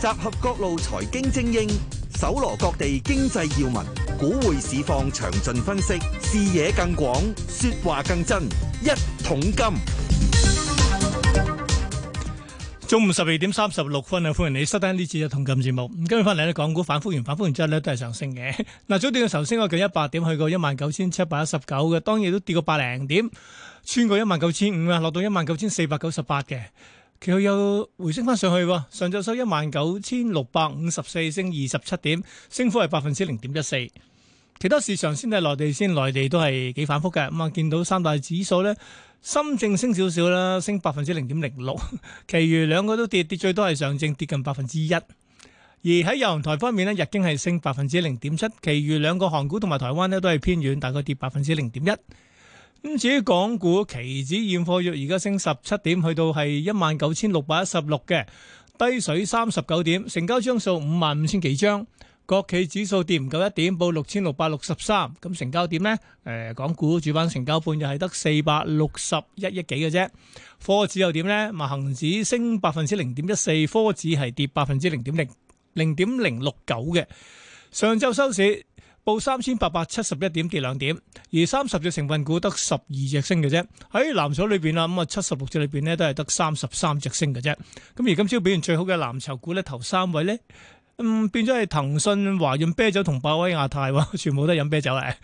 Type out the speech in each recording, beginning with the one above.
集合各路財經精英，搜羅各地經濟要聞，股匯市況詳盡分析，視野更廣，說話更真。一桶金，中午十二點三十六分啊！歡迎你收聽呢次嘅一桶金節目。咁今日翻嚟咧，港股反覆完，反覆完之後咧都係上升嘅。嗱，早段嘅頭先升近一百點去到一萬九千七百一十九嘅，當然都跌過百零點，穿過一萬九千五啊，落到一萬九千四百九十八嘅。佢又回升翻上去，上晝收一萬九千六百五十四，升二十七點，升幅係百分之零點一四。其他市場先係內地先，內地都係幾反覆嘅。咁啊，見到三大指數呢，深證升少少啦，升百分之零點零六，其餘兩個都跌，跌最多係上證跌近百分之一。而喺亞太方面呢，日經係升百分之零點七，其餘兩個韓股同埋台灣呢，都係偏軟，大概跌百分之零點一。咁至於港股期指貨月現貨約而家升十七點，去到係一萬九千六百一十六嘅，低水三十九點，成交張數五萬五千幾張。國企指數跌唔夠一點，報六千六百六十三。咁成交點呢？誒、呃，港股主板成交半日係得四百六十一億幾嘅啫。科指又點呢？咪恆指升百分之零點一四，科指係跌百分之零點零零點零六九嘅。上晝收市。報三千八百七十一點跌兩點，而三十隻成分股得十二隻升嘅啫。喺藍籌裡邊啊，咁啊七十六隻裡邊呢都係得三十三隻升嘅啫。咁而今朝表現最好嘅藍籌股咧，頭三位呢，嗯變咗係騰訊、華潤啤酒同百威亞太，全部都係飲啤酒嘅。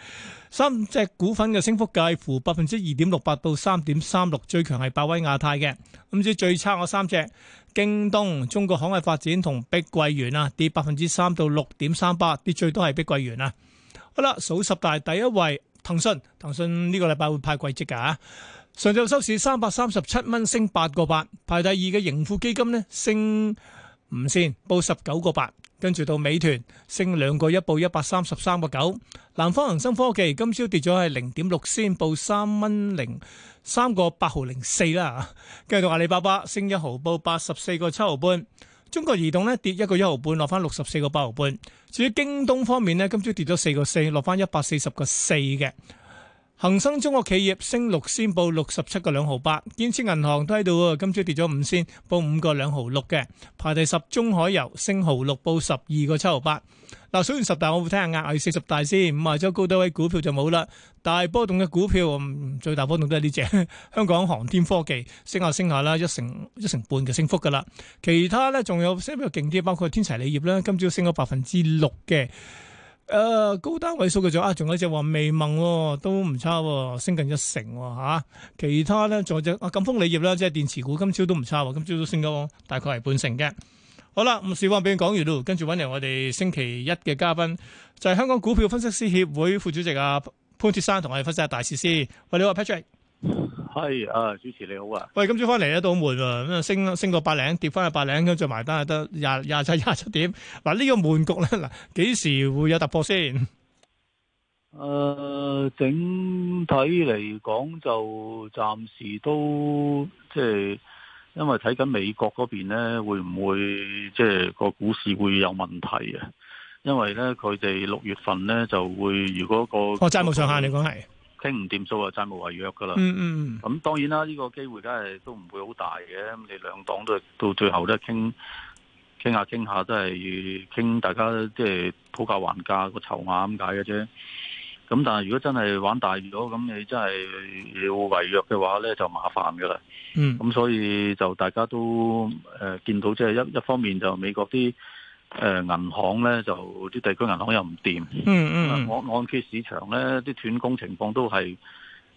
三隻股份嘅升幅介乎百分之二點六八到三點三六，最強係百威亞太嘅。咁至於最差嗰三隻，京東、中國海外發展同碧桂園啊，跌百分之三到六點三八，跌最多係碧桂園啊。好啦，數十大第一位，騰訊，騰訊呢個禮拜會派季績噶，上晝收市三百三十七蚊，升八個八，排第二嘅盈富基金咧升五仙，報十九個八，跟住到美團升兩個一，報一百三十三個九，南方恒生科技今朝跌咗係零點六仙，報三蚊零三個八毫零四啦吓，跟住到阿里巴巴升一毫，報八十四個七毫半。中國移動咧跌一個一毫半，落翻六十四個八毫半。至於京東方面咧，今朝跌咗四個四，落翻一百四十個四嘅。恒生中國企業升六仙，報六十七個兩毫八。建設銀行都喺度，今朝跌咗五仙，報五個兩毫六嘅，排第十。中海油升毫六，報十二個七毫八。嗱，數完十大我會睇下，壓住四十大先。五萬州高多位股票就冇啦，大波動嘅股票最大波動都係呢隻香港航天科技，升下升下啦，一成一成半嘅升幅噶啦。其他呢，仲有升得比較勁啲，包括天齊鋰業啦，今朝升咗百分之六嘅。的誒、呃，高單位數嘅就啊，仲有一隻話未夢都唔差、哦，升近一成吓、哦啊。其他咧仲有隻啊金豐鋰業啦，即係電池股今、哦，今朝都唔差，今朝都升咗、哦、大概係半成嘅。好啦，唔少話俾你講完喇。跟住搵嚟我哋星期一嘅嘉賓，就係、是、香港股票分析師協會副主席阿、啊、潘鐵珊同我哋分析下大市先。喂，你好，Patrick。係、啊，主持你好啊！喂，今朝翻嚟咧，到悶喎，咁啊升升過八零，跌翻去八零，咁再埋單又得廿廿七、廿七點。嗱、啊，這個、呢個悶局咧，嗱，幾時會有突破先？誒、呃，整體嚟講就暫時都即係，因為睇緊美國嗰邊咧，會唔會即係個股市會有問題啊？因為咧，佢哋六月份咧就會，如果、那個哦、債務上限，你講係。傾唔掂數啊，債務違約噶啦。嗯嗯。咁當然啦，呢、這個機會梗係都唔會好大嘅。咁你兩黨都係到最後都係傾傾下傾下，都係傾大家即係討價還價個籌碼咁解嘅啫。咁但係如果真係玩大咗，咁你真係要違約嘅話咧，就麻煩噶啦。嗯。咁所以就大家都誒、呃、見到即係一一方面就美國啲誒、呃，銀行咧就啲地區銀行又唔掂，嗯嗯啊，按按揭市場咧啲斷供情況都係，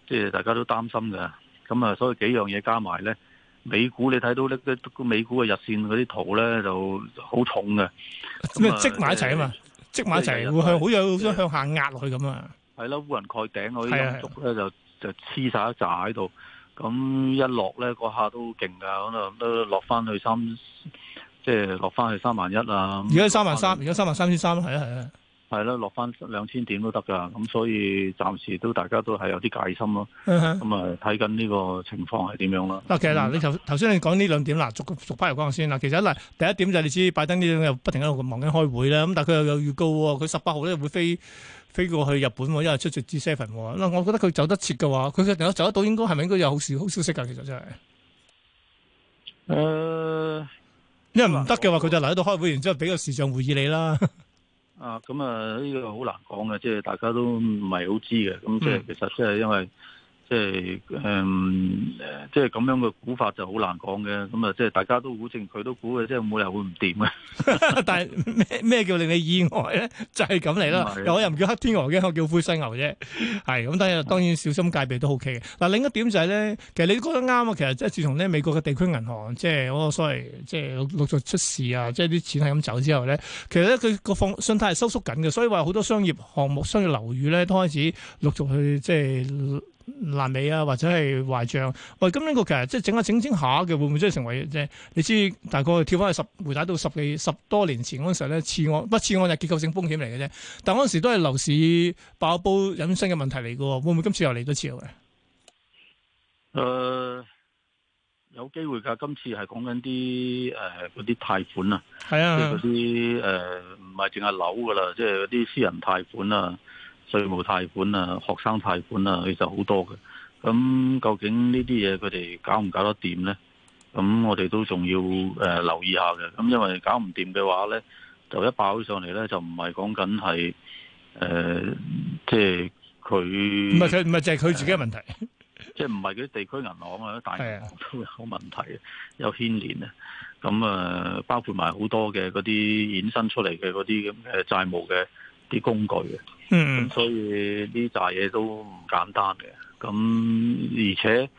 即係大家都擔心嘅。咁啊，所以幾樣嘢加埋咧，美股你睇到呢個美股嘅日線嗰啲圖咧就好重嘅。咁啊，積埋一齊啊嘛，積、嗯、埋一齊、嗯、會向好有、嗯、向下壓落去咁啊。係咯，烏雲蓋頂嗰啲竹咧就就黐晒，一紮喺度，咁一落咧嗰下都勁噶，可能都落翻去三。即係落翻去三萬一啊！而家三萬三，而家三萬三千三咯，係啊係啊，係咯、啊啊，落翻兩千點都得噶。咁所以暫時都大家都係有啲戒心咯。咁啊，睇緊呢個情況係、嗯、點樣啦？嗱，其實嗱，你頭頭先你講呢兩點啦，逐逐批嚟講下先啦。其實嗱，第一點就係你知拜登呢啲又不停喺度忙緊開會咧，咁但係佢又有預告喎，佢十八號咧會飛飛過去日本，因為出席 G7。我覺得佢走得切嘅話，佢走得到，應該係咪應該有好消好消息噶？其實真係。誒、呃。因為唔得嘅話，佢就留喺度開會，然之後俾個視像會議你啦。啊，咁啊，呢個好難講嘅，即係大家都唔係好知嘅。咁、嗯、即係其實即係因為。即係誒、嗯，即係咁樣嘅估法就好難講嘅。咁啊，即係大家都，都估，證佢都估嘅，即係冇理由會唔掂嘅。 但係咩咩叫令你意外咧？就係咁嚟啦。又我又唔叫黑天鵝嘅，我叫灰犀牛啫。係咁，但係當然小心戒備都 OK 嘅。嗱，另一點就係、是、咧，其實你都覺得啱啊。其實即係自從咧美國嘅地區銀行即係嗰個所謂即係陸續出事啊，即係啲錢係咁走之後咧，其實咧佢個放信貸係收縮緊嘅，所以話好多商業項目、商業樓宇咧都開始陸續去即係。爛尾啊，或者係壞賬，喂，咁呢個其實即係整下整整,整下嘅，會唔會即係成為啫？你知大概跳翻去十，回睇到十幾十多年前嗰陣時咧，次按，不次按係結構性風險嚟嘅啫，但嗰陣時都係樓市爆煲引申嘅問題嚟嘅，會唔會今次又嚟多次啊？誒、呃，有機會噶，今次係講緊啲誒嗰啲貸款啊，係啊，即係嗰啲誒唔係淨係樓噶啦，即係嗰啲私人貸款啊。稅務貸款啊，學生貸款啊，其實好多嘅。咁、嗯、究竟呢啲嘢佢哋搞唔搞得掂呢？咁、嗯、我哋都仲要誒、呃、留意一下嘅。咁、嗯、因為搞唔掂嘅話呢，就一爆起上嚟呢，就唔係講緊係誒，即係佢唔係佢唔係淨係佢自己嘅問題，即係唔係嗰啲地區銀行啊，大銀行都有問題，係，有牽連啊。咁、嗯、啊、呃，包括埋好多嘅嗰啲衍生出嚟嘅嗰啲咁嘅債務嘅。啲工具嘅，咁、嗯、所以呢扎嘢都唔簡單嘅，咁而且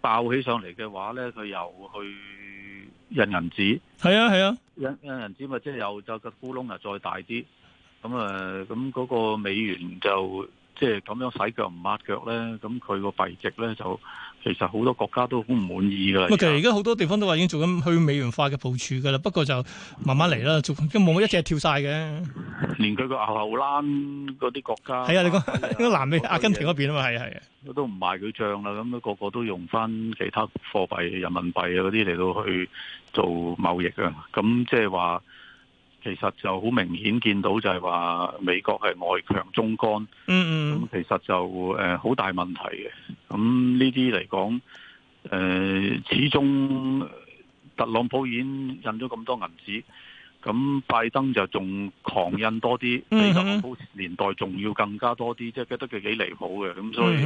爆起上嚟嘅話呢，佢又去印銀紙，係啊，係啊，印銀紙咪即係又就個窟窿又再大啲，咁啊咁嗰個美元就即係咁樣洗腳唔抹腳呢，咁佢個幣值呢就。其實好多國家都好唔滿意噶。其實而家好多地方都話已經做緊去美元化嘅部署噶啦，不過就慢慢嚟啦，仲冇一隻跳晒嘅。連佢個牛後欄嗰啲國家，係啊，你講南美、阿根廷嗰邊啊嘛，係啊係啊，都唔賣佢賬啦。咁個個都用翻其他貨幣、人民幣啊嗰啲嚟到去做貿易啊。咁即係話。其實就好明顯見到就係話美國係外強中乾，嗯嗯，咁其實就誒好大問題嘅。咁呢啲嚟講，誒始終特朗普已經印咗咁多銀紙，咁拜登就仲狂印多啲，比特朗普年代仲要更加多啲，即係覺得佢幾離譜嘅。咁所以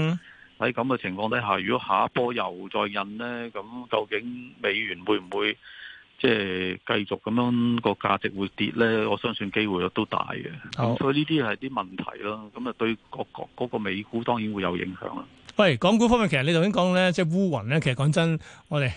喺咁嘅情況底下，如果下一波又再印呢，咁究竟美元會唔會？即係繼續咁樣個價值會跌咧，我相信機會都大嘅。所以呢啲係啲問題咯。咁啊，對各國各個美股當然會有影響啦。喂，港股方面，其實你頭先講咧，即係烏雲咧，其實講真，我哋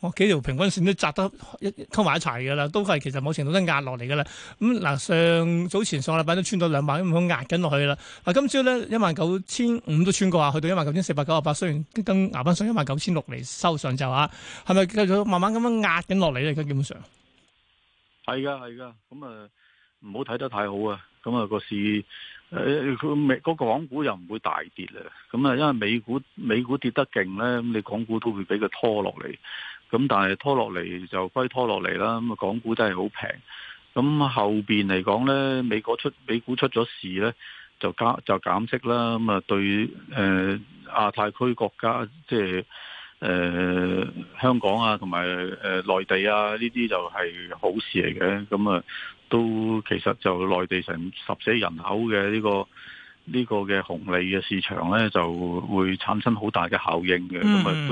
我 幾條平均線都扎得一溝埋一齊噶啦，都係其實某程度都壓落嚟噶啦。咁嗱，上早前上個禮拜都穿咗兩萬咁樣壓緊落去啦。啊，今朝咧一萬九千五都穿過啊，去到一萬九千四百九十八，雖然跟壓翻上一萬九千六嚟收上晝啊，係咪繼續慢慢咁樣壓緊落嚟咧？而家基本上係噶係噶，咁啊，唔好睇得太好啊。咁、那、啊，個市，誒佢美嗰港股又唔會大跌啦。咁啊，因為美股美股跌得勁咧，咁你港股都會俾佢拖落嚟。咁但係拖落嚟就歸拖落嚟啦。咁啊，港股真係好平。咁後邊嚟講咧，美國出美股出咗事咧，就加就減息啦。咁啊，對誒亞太區國家即係。就是誒、呃，香港啊，同埋誒內地啊，呢啲就係好事嚟嘅。咁、嗯、啊，都其實就內地成十四人口嘅呢、這個呢、呢個嘅紅利嘅市場咧，就會產生好大嘅效應嘅。咁啊，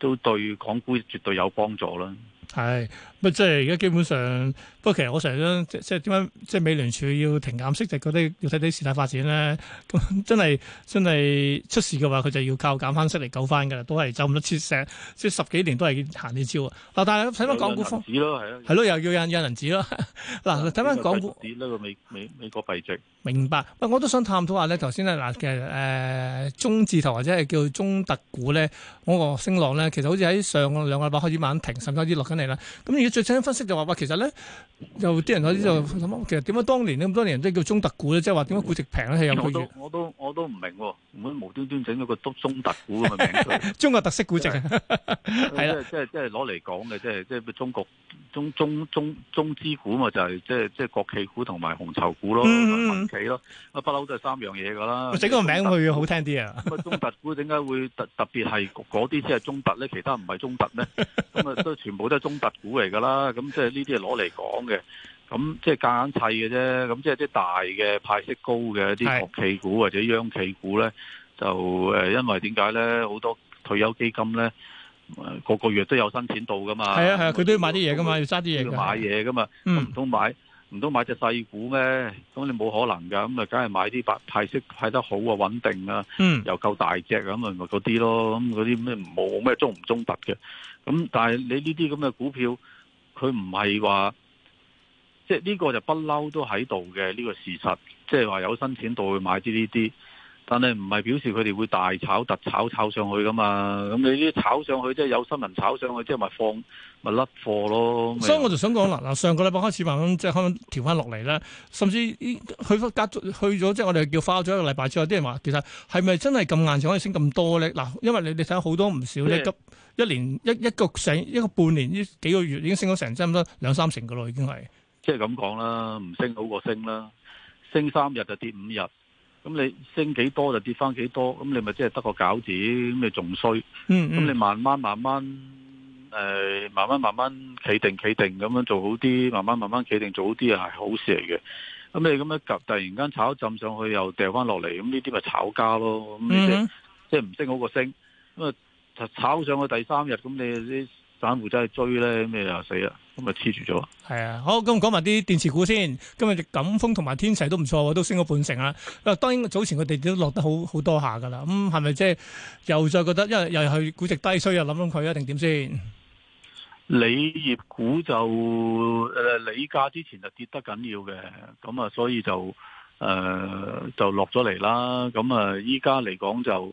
都都對港股絕對有幫助啦。係，不即係而家基本上，不過其實我成日都即即點解即美聯儲要停減息？就覺得要睇睇事態發展咧。咁真係真係出事嘅話，佢就要靠減翻息嚟救翻噶啦，都係走唔甩切石，即十幾年都係行呢招啊！嗱，但係睇翻港股，紙咯，係咯，係咯，又要印印銀紙咯。嗱，睇翻港股美美美國幣值。明白。不過，我都想探討下咧，頭先咧嗱，其實誒中字頭或者係叫中特股咧，嗰、那個升浪咧，其實好似喺上兩個禮拜開始慢停，甚至乎跌落緊。嚟啦！咁而家最深入分析就話：哇，其實咧，有啲人嗰啲就其實點解當年咁多年都叫中特估咧？即係話點解估值平咧？係兩個月，我都我都唔明喎、啊，唔好無端端整咗個中中特估咁嘅名出嚟、就是。 中國特色估值係啦，即係即係攞嚟講嘅，即係即係中國中中中中資股嘛，就係即係即係國企股同埋紅籌股咯、嗯嗯，民企咯，不嬲都係三樣嘢噶啦。整嗰個名去要好聽啲啊！中特估點解會特特別係嗰啲即係中特咧？其他唔係中特咧？咁啊都全部都係中特估嚟噶啦，咁即係呢啲係攞嚟講嘅，咁即係夾硬砌嘅啫。咁即係啲大嘅派息高嘅啲國企股或者央企股咧，就誒，因為點解咧？好多退休基金咧，個個月都有新錢到噶嘛。係啊係啊，佢、啊、都要買啲嘢噶嘛，要揸啲嘢。要買嘢噶嘛，唔、嗯、通買？唔通買隻細股咩？咁你冇可能噶，咁咪梗係買啲白派息派得好啊，穩定啊，又夠大隻咁咪嗰啲咯，咁嗰啲咩冇咩中唔中特嘅？咁但係你呢啲咁嘅股票，佢唔係話，即係呢個就不嬲都喺度嘅呢個事實，即係話有新錢到去買啲呢啲。但係唔係表示佢哋會大炒、特炒、炒上去噶嘛？咁你啲炒上去即係有新聞炒上去，即係咪放咪甩貨咯？所以我就想講啦嗱，上個禮拜開始慢慢即係慢慢調翻落嚟咧，甚至去隔去咗即係我哋叫花咗一個禮拜之後，啲人話其實係咪真係咁硬淨可以升咁多咧？嗱，因為你哋睇好多唔少咧、就是，急一年一一個成一個半年呢幾個月已經升咗成差唔多兩三成噶啦，已經係即係咁講啦，唔、就是、升好過升啦，升三日就跌五日。咁你升幾多就跌翻幾多，咁你咪即係得個餃子，咁你仲衰。咁你慢慢慢慢誒、呃，慢慢慢慢企定企定咁樣做好啲，慢慢慢慢企定做好啲啊，係好事嚟嘅。咁你咁樣及突然間炒一浸上去又掉翻落嚟，咁呢啲咪炒家咯。咁你即即係唔升好過升。咁啊就炒上去第三日，咁你啲。散戶真係追咧，咩又死啊？咁咪黐住咗？係啊，好，咁講埋啲電池股先。今日贛鋒同埋天齊都唔錯，都升咗半成啦。啊，當然早前佢哋都落得好好多下噶啦。咁係咪即係又再覺得，因為又係估值低衰，又諗諗佢一定點先？鋰業股就誒、呃，鋰價之前就跌得緊要嘅，咁啊，所以就誒、呃、就落咗嚟啦。咁啊，依家嚟講就。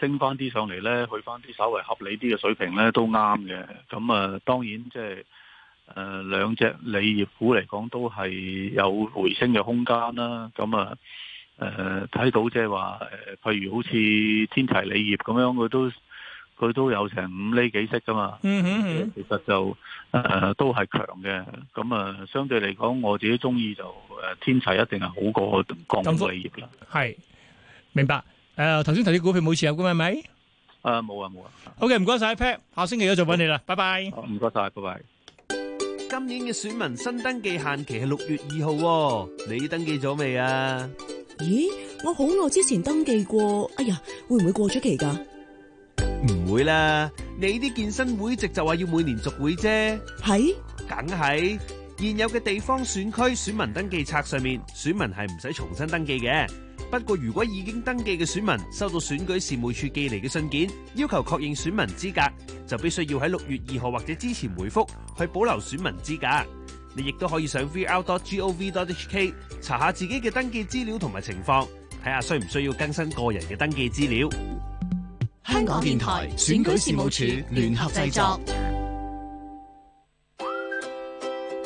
升翻啲上嚟呢，去翻啲稍為合理啲嘅水平呢，都啱嘅。咁啊，當然即係誒，兩隻鋰業股嚟講，都係有回升嘅空間啦。咁啊，誒、呃、睇到即係話，譬如好似天齊鋰業咁樣，佢都佢都有成五厘幾息噶嘛。其實就誒、呃、都係強嘅。咁啊，相對嚟講，我自己中意就誒天齊一定係好過贛鋒鋰業啦。係，明白。誒，頭先提啲股票冇持有嘅係咪？誒，冇啊，冇啊。OK，唔該晒 Pat，下星期又再搵你啦，拜拜。唔該晒，拜拜。今年嘅選民新登記限期係六月二號，你登記咗未啊？咦，我好耐之前登記過，哎呀，會唔會過咗期㗎？唔會啦，你啲健身會籍就話要每年續會啫。係，梗係。現有嘅地方選區選民登記冊上面，選民係唔使重新登記嘅。不過，如果已經登記嘅選民收到選舉事務處寄嚟嘅信件，要求確認選民資格，就必須要喺六月二號或者之前回覆去保留選民資格。你亦都可以上 vr.gov.hk 查下自己嘅登記資料同埋情況，睇下需唔需要更新個人嘅登記資料。香港電台選舉事務處聯合製作，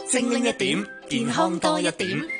精靈一點，健康多一點。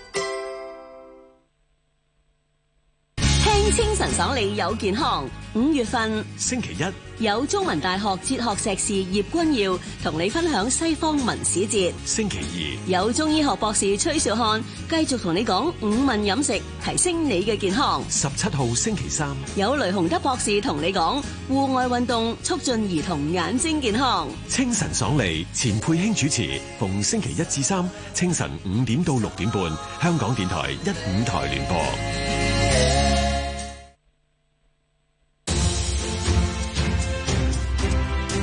清晨爽利有健康，五月份星期一有中文大學哲學碩士葉君耀同你分享西方文史哲。星期二有中醫學博士崔紹漢繼續同你講五問飲食提升你嘅健康。十七號星期三有雷洪德博士同你講戶外運動促進兒童眼睛健康。清晨爽利，錢佩卿主持，逢星期一至三清晨五點到六點半，香港電台一五台聯播。